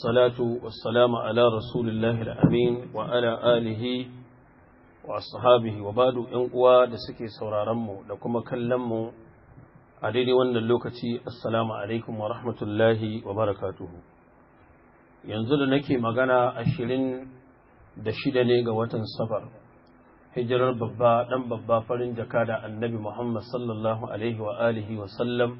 والصلاة والسلام على رسول الله الأمين وعلى آله وأصحابه وبعد إنقوى دسكي سورارمو لكم كلمو عديد وان اللوكتي السلام عليكم ورحمة الله وبركاته ينزل نكي مغانا أشيرين دشيدني قوة صبر hijirar babba ɗan babba farin jaka da annabi Muhammad sallallahu Alaihi wa alihi wasallam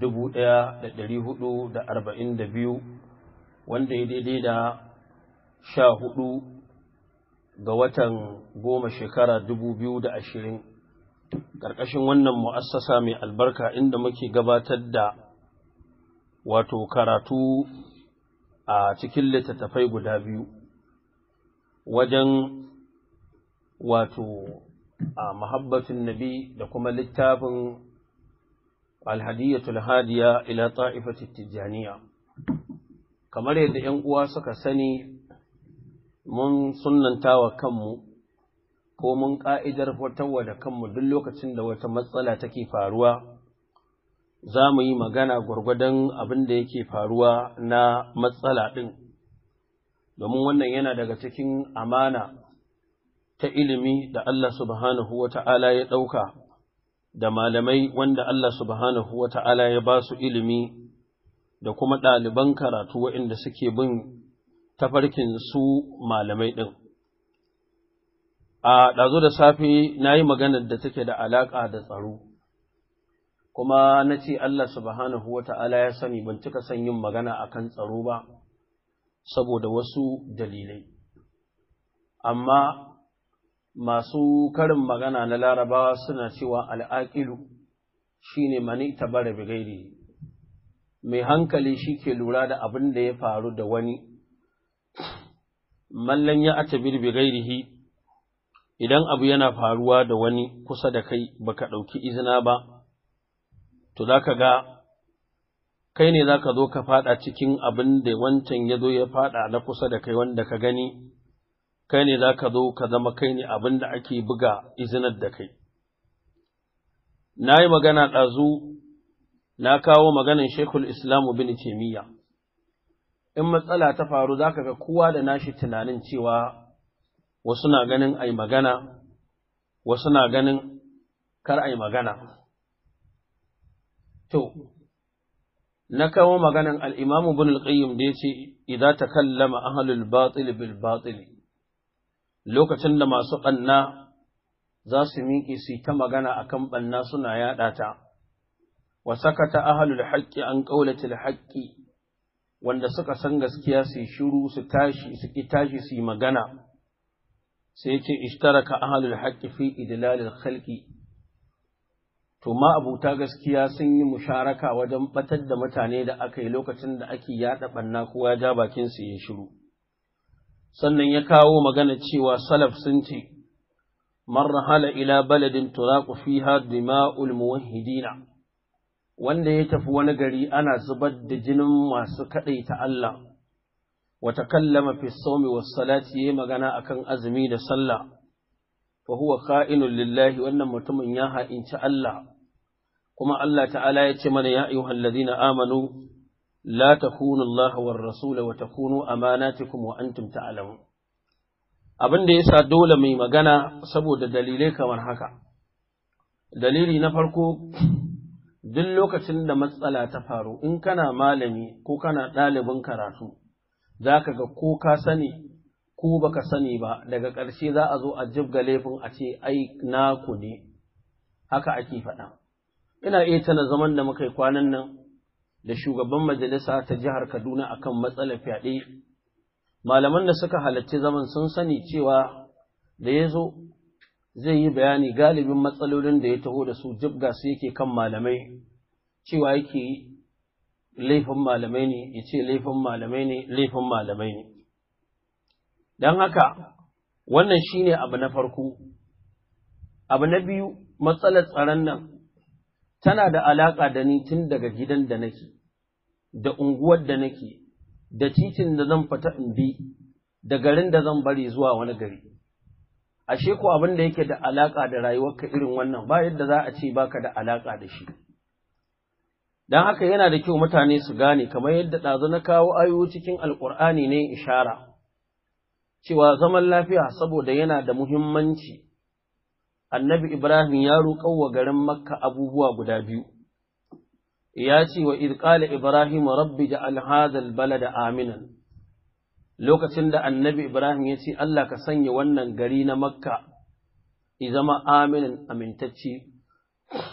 1442 wanda ya daidai da sha hudu ga watan goma shekara dubu biyu da ashirin ƙarƙashin wannan mu'assasa mai albarka inda muke gabatar da wato karatu a cikin littattafai guda biyu wajen wato a mahabbatin nabi da kuma littafin alhadiyatul hadiya ila ta'ifatit tijaniya kamar yadda ‘yan uwa suka sani mun sunanta wa kanmu ko mun ƙa'idar fitarwa da kanmu duk lokacin da wata matsala take faruwa za mu yi magana gwargwadon abin da yake faruwa na matsala ɗin domin wannan yana daga cikin amana ta ilimi da Allah subhanahu wa ta'ala ya ɗauka da malamai wanda Allah subhanahu wa ta'ala ya ba su ilimi da kuma ɗaliban karatu waɗanda suke bin tafarkin su malamai ɗin. A ɗazu da safe na yi maganar da take da alaƙa da tsaro, kuma na ce Allah subhanahu wa ta'ala ya sani ban cika son yin magana a kan tsaro ba, saboda wasu dalilai. Amma masu karin magana na larabawa suna cewa al'aƙilu shi ne mani tabara bigairi mai hankali shi ke lura da abin da ya faru da wani mallan ya ata birbi gairihi idan abu yana faruwa da wani kusa da kai baka ɗauki izina ba to zaka ga kai ne zaka zo ka fada cikin abin da wancan ya zo ya fada na kusa da kai wanda ka gani kai ne zaka zo ka zama kai ne abin da ake buga izinar da kai na yi magana ɗazu na kawo maganin Sheikhul Islam bin Taimiyya. In matsala ta faru za ka ga kowa da nashi tunanin cewa wasu na ganin ai magana, wasu na ganin kar ai magana. To, na kawo maganin al'imamu bin al'ayyim da ya ce, idan ta kallama ahalul batil bil batil, lokacin da masu ɓanna za su miƙe su ta magana akan ɓanna suna yaɗa ta. wa sakata ahlul haqqi an qawlatil haqqi wanda suka san gaskiya su shiru su tashi su ki tashi su yi magana sai yace ishtaraka ahlul haqqi fi idlalil khalqi to ma abuta gaskiya sun yi musharaka wajen batar da mutane da aka yi lokacin da ake yaɗa banna kowa ja bakin su ya shiru sannan ya kawo magana cewa salaf sun ce man rahala ila baladin turaqu fiha dima'ul muwahhidina wanda ya tafi wani gari ana zubar da jinin masu kaɗai ta Allah, wata kallama fi saumi wasu salati ya magana a kan azumi da sallah, fa huwa ka'inun lillahi wannan mutumin ya ha'inci Allah, kuma Allah ta'ala ya ce mana ya yi na amanu, la ta kunu Allah wa Rasula wa ta kunu amanatikum wa antum ta'alamu. Abin da ya sa dole mai magana saboda dalilai kamar haka. Dalili na farko duk lokacin da matsala ta faru in kana malami ko kana ɗalibin karatu za ka ga ko ka sani ko baka sani ba daga ƙarshe za a zo a jibga laifin a ce ai na ku ne haka ake faɗa ina iya tana zaman da muka yi kwanan nan da shugaban majalisa ta jihar Kaduna akan matsala fyaɗe malaman da suka halarci zaman sun sani cewa da ya zo zai yi bayani galibin matsalolin da ya taho da su jibga su yake kan malamai cewa yake laifin malamai ne ya ce laifin malamai ne laifin malamai ne don haka wannan shine abu na farko abu na biyu matsalar tsaron nan tana da alaƙa da ni tun daga gidan da nake, da unguwar da nake, da titin da zan fita in bi, da garin da zan bari zuwa wani gari. ashe ko abin da yake da alaka da rayuwarka irin wannan ba yadda za a ce baka da alaka da shi dan haka yana da kyau mutane su gane kamar yadda dazu na kawo ayoyi cikin alkur'ani ne ishara cewa zaman lafiya saboda yana da muhimmanci annabi ibrahim ya roƙa wa garin makka abubuwa guda biyu ya ce wa qala ibrahim rabbi ja'al hadha balada aminan lokacin da annabi Ibrahim ya ce Allah ka sanya wannan gari na Makka zama aminin amintacci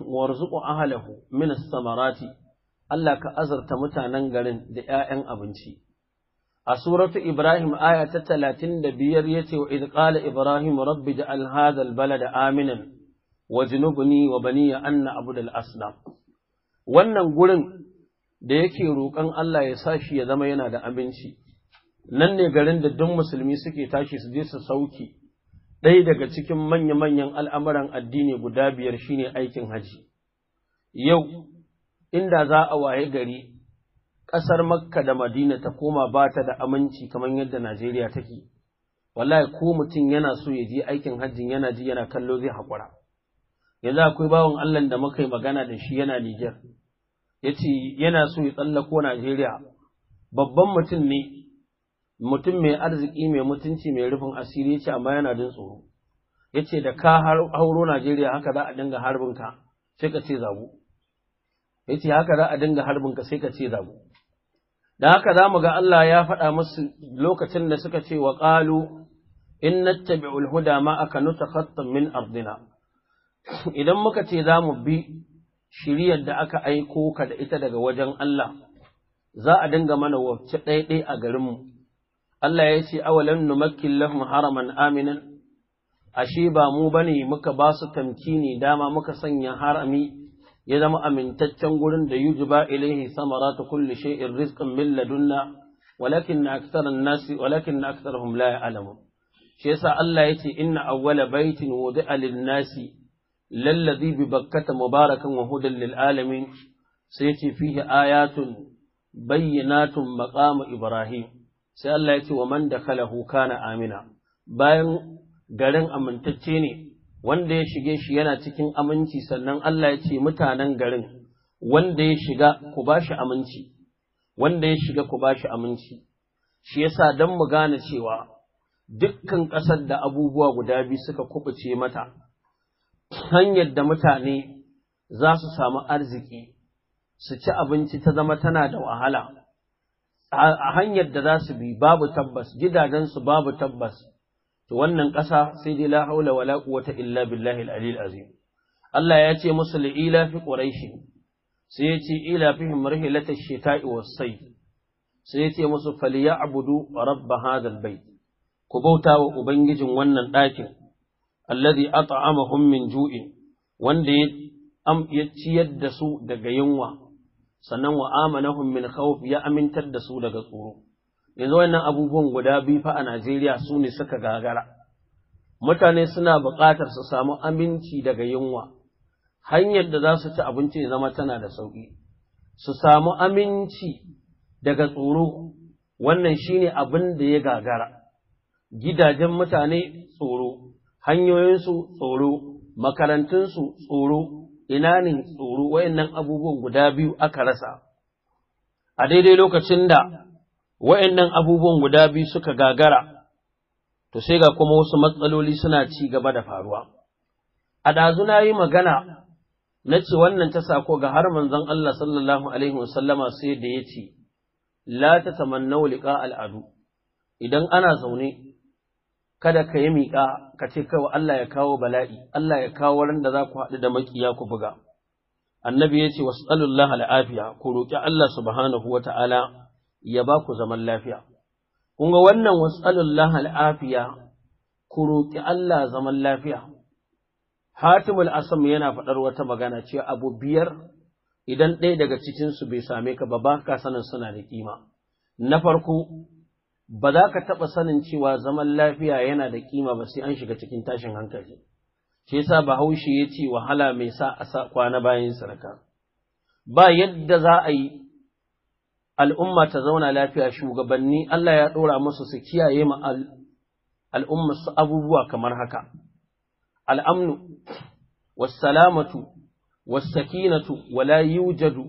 warzuqu ahlahu min samarati Allah ka azarta mutanen garin da 'ya'yan abinci a suratu Ibrahim aya ta 35 yace wa id qala Ibrahim rabbi ja'al hadha al-balada aminan wajnubni wa baniya an na'budu al-asnam wannan gurin da yake roƙon Allah ya sashi ya zama yana da aminci nan ne garin da duk musulmi suke tashi su je su sauki ɗaya daga cikin manya-manyan al'amuran addini guda biyar shine aikin haji yau inda za a waye gari ƙasar makka da madina ta koma ba ta da aminci kamar yadda najeriya take wallahi ko mutum yana so ya je aikin hajjin yana ji yana kallo zai haƙura yanzu akwai bawan allah da muka yi magana da shi yana niger ya ce yana so ya tsallako najeriya babban mutum ne mutum mai arziki mai mutunci mai rufin asiri ce amma yana jin tsoro yace da ka hauro Najeriya haka za a dinga harbin ka sai ka ce zabu yace haka za a dinga harbin ka sai ka ce zabu da haka za mu ga Allah ya faɗa musu lokacin da suka ce wa qalu in nattabi'ul huda ma aka nutakhatta min ardina idan muka ce za mu bi shiriyar da aka aiko ka da ita daga wajen Allah za a dinga mana wacce ɗaiɗai a garinmu Allah ya ce awalan numakkin lahum haraman aminan ashe ba mu bane muka ba su tamkini dama muka sanya harami ya zama amintaccen gurin da yujba ilaihi ta kulli shay'in rizqan min ladunna walakin aktharan nasi walakin aktharuhum la ya'lamun shi yasa Allah yace inna awwala baitin wudi'a lin-nasi lalladhi bi bakkata mubarakan wa hudan lil-alamin sai yace fihi ayatun bayyinatun maqamu ibrahim sai Allah ya ce wa man dakhalahu kana amina bayan garin amintacce ne wanda ya shige shi yana cikin aminci sannan Allah ya ce mutanen garin wanda ya shiga ku ba shi aminci wanda ya shiga ku ba shi aminci shi yasa dan mu gane cewa dukkan ƙasar da abubuwa guda biyu suka kubuce mata hanyar da mutane za su samu arziki su ci abinci ta zama tana da wahala a hanyar da za su bi babu tabbas gidajensu babu tabbas to wannan ƙasa sai dai la haula wala quwwata illa billahi al-alil azim Allah ya ce musu li'ila fi quraish sai ya ce ila fihim rihlata ash-shita'i was-sayf sai ya ce musu falyabudu rabb hadha al-bayt ku bauta wa ubangijin wannan ɗakin alladhi at'amahum min ju'in wanda ya ciyar da su daga yunwa sannan wa amanahum min khawf ya amintar da su daga tsoro yanzu wannan abubuwan guda biyu fa a Najeriya su ne suka gagara mutane suna buƙatar su samu aminci daga yunwa hanyar da za su ci abinci ya zama tana da sauƙi su samu aminci daga tsoro wannan shine abin da ya gagara gidajen mutane tsoro hanyoyinsu tsoro makarantunsu tsoro Inanin tsoro wayannan abubuwan guda biyu aka rasa a daidai lokacin da wayannan abubuwan guda biyu suka gagara to sai ga kuma wasu matsaloli suna ci gaba da faruwa a dazu na yi magana na ce wannan ta sako ga har manzon Allah sallallahu alaihi wasallama sai da ya ce la ta tamannau liqa al'adu idan ana zaune kada ka yi miƙa ka ce kawai Allah ya kawo bala'i Allah ya kawo ran da za ku haɗu da makiya ku buga annabi ya ce wasallallahu al'afiya ku roƙi Allah subhanahu wata'ala ya ba ku zaman lafiya kun ga wannan wasallallahu al'afiya ku roƙi Allah zaman lafiya Hatimul Asam yana faɗar wata magana cewa abu biyar idan ɗaya daga cikinsu bai same ka ba ba ka sanin suna da ƙima na farko ba za ka taɓa sanin cewa zaman lafiya yana da kima ba sai an shiga cikin tashin hankali shi yasa bahaushe ya ce wahala mai sa a sa kwana bayan sarka ba yadda za a yi al'umma ta zauna lafiya shugabanni Allah ya ɗora musu su kiyaye ma al'umma su abubuwa kamar haka al'amnu wassalamatu wassakinatu wala yujadu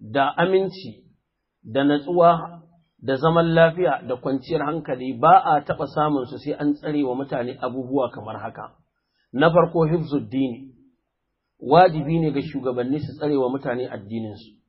da aminci da natsuwa da zaman lafiya da kwanciyar hankali ba a taɓa samun su sai an tsare wa mutane abubuwa kamar haka. Na farko hifzuddini, wajibi ne ga shugabanni su tsare wa mutane addininsu.